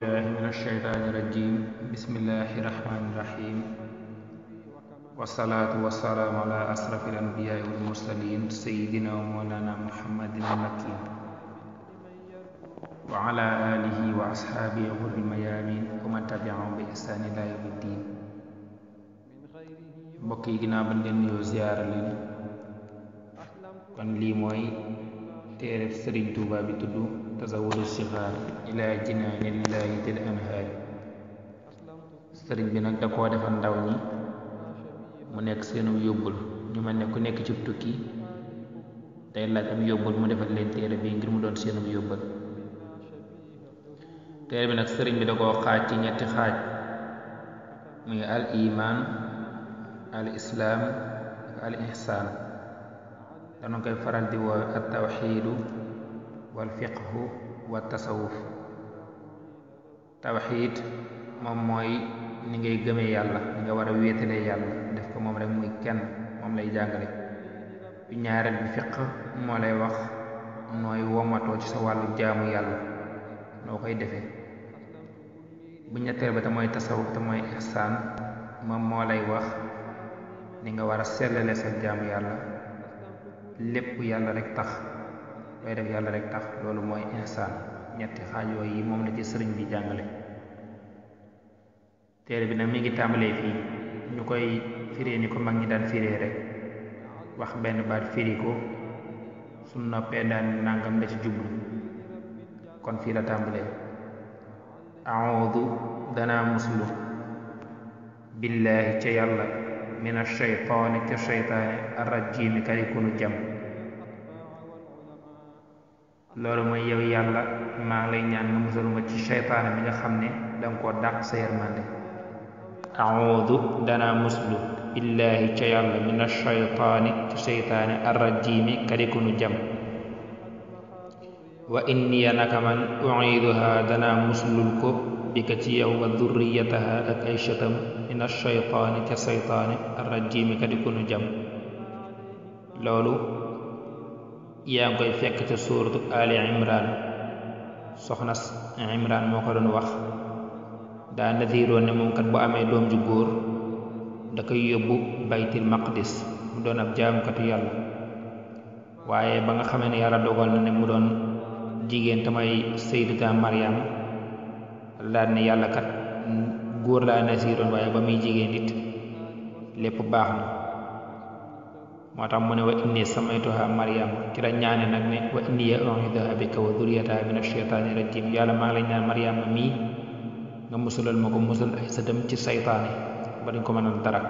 الله من الشيطان الرجيم بسم الله الرحمن الرحيم والصلاة والسلام على أشرف الأنبياء والمرسلين سيدنا ومولانا محمد المكي وعلى آله وأصحابه غر الميامين ومن تبعهم بإحسان إلى يوم الدين mbokk yi ginnaaw bañ leen nuyoo ziyaara leen tere sëriñ tuuba bi tudd tasawuru sihaar ila jinaani lillahi til anhaar sëriñ bi nag da koo defa ndaw ñi mu nekk seenum yóbbul ñu mel ne ku nekk cib tukki day laaj am yóbbul mu defal leen téere bi ngir mu doon seenum yóbbal téere bi nag sëriñ bi da koo xaaj ci ñetti xaaj muy al iman al islam ak al ihsan dana koy faral di woo at tawxiidu wal fiqhu wa tasawuf tawxiid moom mooy ni ngay gëmee yàlla ni nga war a wéetale yàlla def ko moom rek muy kenn moom lay jàngale bu ñaareel bi fiq moo lay wax nooy womatoo ci sa wàllu jaamu yàlla noo koy defee bu ñetteel ba te mooy tasawuf te mooy ihsaan moom moo lay wax ni nga war a sellale sa jaamu yàlla lépp yàlla rek tax looy def yàlla rek tax loolu mooy ihsaan ñetti xaajoo yi moom la ci sëriñ bi jàngale téere bi nag mi ngi tàmbalee fii ñu koy firee ni ko mag ñi daan firee rek wax benn baat firi ko su noppee daan nangam da ci jublu kon fii la tàmbalee aawdu danaa muslu billahi ca yàlla من الشيطان كالشيطان الرجيم كريكون جم loolu mooy yow yàlla maa lay ñaan nga musal ma ci seytaane bi nga xam ne danga koo dàq sa yërmande audu danaa muslu billaahi ca yàlla min ashaytaani ci seytaane arrajimi karikunu jam wa inniya naka man uiduha danaa muslul bika ci yow wa durriyataha ak ay chatam min ashaytaani ca saytaane arrajimi ka di kunu jam loolu yaa ngi koy fekk ca suuratu ali imran soxna imran moo ko doon wax daa nadiiroon ne bu amee doom ju góor da yóbbu baytil maqdis mu doon ab jaamukatu yàlla waaye ba nga xamee ne yàlla dogal na ne mu doon jigéen tamay sayyidata maryam daan ne yàlla kat góor laa nasiiroon waaye ba muy jigéen nit lépp baax na moo tax mu ne wa inni samaytuha Maryam ci la ñaane nag ne wa inni u'iiduha bika wa dhurriyyataha min ash-shaytaani rajiim yàlla maa ngi lay ñaan Maryam mii nga musulal ma ko musul ay sëtam ci saytaane ba duñ ko mënal dara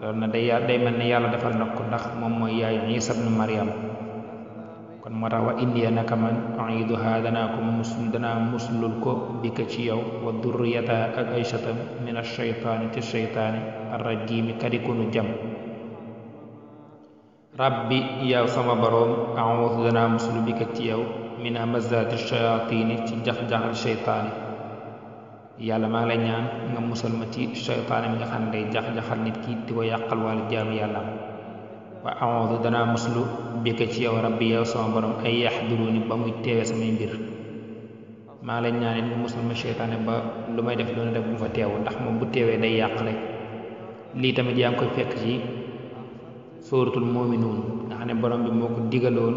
loolu na day day mel ne yàlla defal na ko ndax moom mooy yaayu Iisa ibnu Maryam kon moo tax wa indiya naka man aiduha danaa ko musl danaa muslul ko dika ci yow wa durriyata ak aishatam ay satam min ashaytaani ci shaytaani arrajimi kadikunu jam rabbi ya sama boroom a'udhu dana muslu bika ci yow min amazati ash-shayatin ci jax jax ash shaytaani yàlla ma ngi lay ñaan nga musal ma ci mi nga xam day jax-jaxal nit ki di ko yakal wal jaamu yàlla وأعوذ دنا مسلو بك يا ربي يا سما برم أي يحضروني بامي تيوي سمي بير ما لا نياني نيو مسلم الشيطان با لوماي ديف لون ديف بوفا تيوي داخ موم بو تيوي داي ياق لي لي تامت يان كوي فيك سي سورة المؤمنون نخني برام بي موكو ديغالون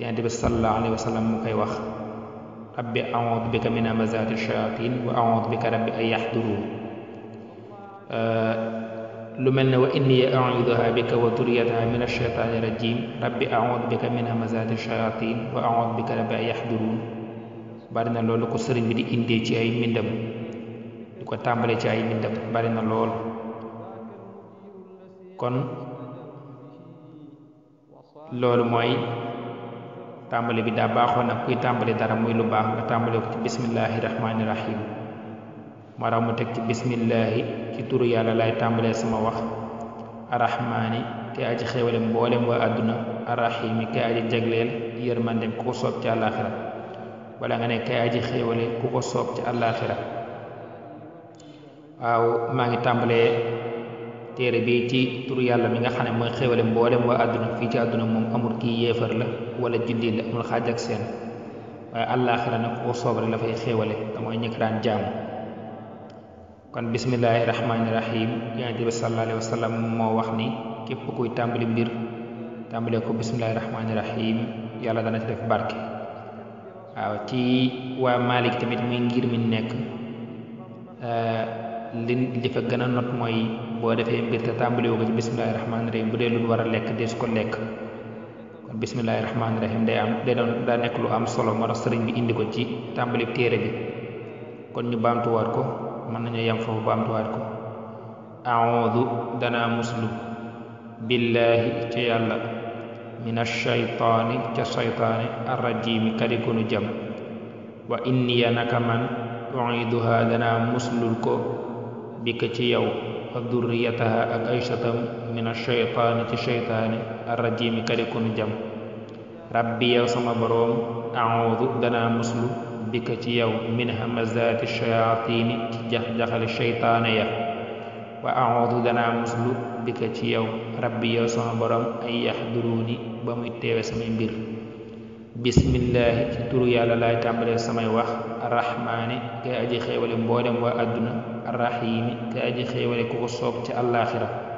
يا نبي صلى الله عليه وسلم موكاي واخ ربي أعوذ بك من همزات الشياطين وأعوذ بك ربي أن يحضروني أه لمن وإني أعوذها بك وتريتها من الشيطان الرجيم رب أعوذ بك من همزات الشياطين وأعوذ بك رب يحضرون بارنا لول كو سيرن بي دي اندي تي اي ميندم ديكو تامبالي تي اي ميندم بارنا لول كون لول موي تامبالي بي دا باخو نا كوي تامبالي دارا موي لو باخ تامبالي كو بسم الله الرحمن الرحيم maanaam mu teg ci bismillaahi ci turu yàlla lay tàmbalee sama wax arrahmaani kay aji xéewale mboolem waa àdduna arrahimi kay aji jagleel yërmandem ku ko soob ci àllaaxira wala nga ne kay aji soob ci àllaaxira waaw maa ngi tàmbalee téere bi ci turu yàlla mi nga xam ne mooy xéewale mboolem waa àdduna fii ci àdduna moom amul kii yéefar la wala jullit la amul xaaj ak seen waaye àllaaxira nag ku ko soob rek la fay xéewale daan jaamu kon bismillaahi rahmaani rahim yonent bi sallallahu alayhi wa sallam moo wax ni képp kuy tàmbali mbir tàmbalee ko bismillaahi rahmaani rahim yàlla dana ci def barke waaw ci waa Maalik tamit muy ngir mi nekk eh, li li fa gën a not mooy boo defee mbir te tàmbali ko ci bismillaahi rahmaani rahim bu dee lu war a lekk deesu ko lekk kon bismillaahi rahmaani rahim day am day doon daa nekk lu am solo moo sëriñ bi indi ko ci tàmbali téere bi kon ñu baamtuwaat mën nañu yem foofu ba ko danaa muslu billaahi ca yàlla mina shaytaani ca shaytaani arrajiimi kadikunu jam wa inniya naka man u'iduha danaa muslul ko bika ci yow wa durriyataha ak ay satam mina shaytaani ci shaytaani arrajiimi jam rabbi yow sama baroom a'udhu danaa muslu بكتيو من همزات الشياطين تجه دخل الشيطان يا وأعوذ دنا مسلو بكتيو ربي يا صبرم أي يحضروني بمتى وسمين بير بسم الله تطر يا لا تعمل السماي وح الرحمن كأجي خيول بولم وأدنى الرحيم كأجي خيول كوصوك تالآخرة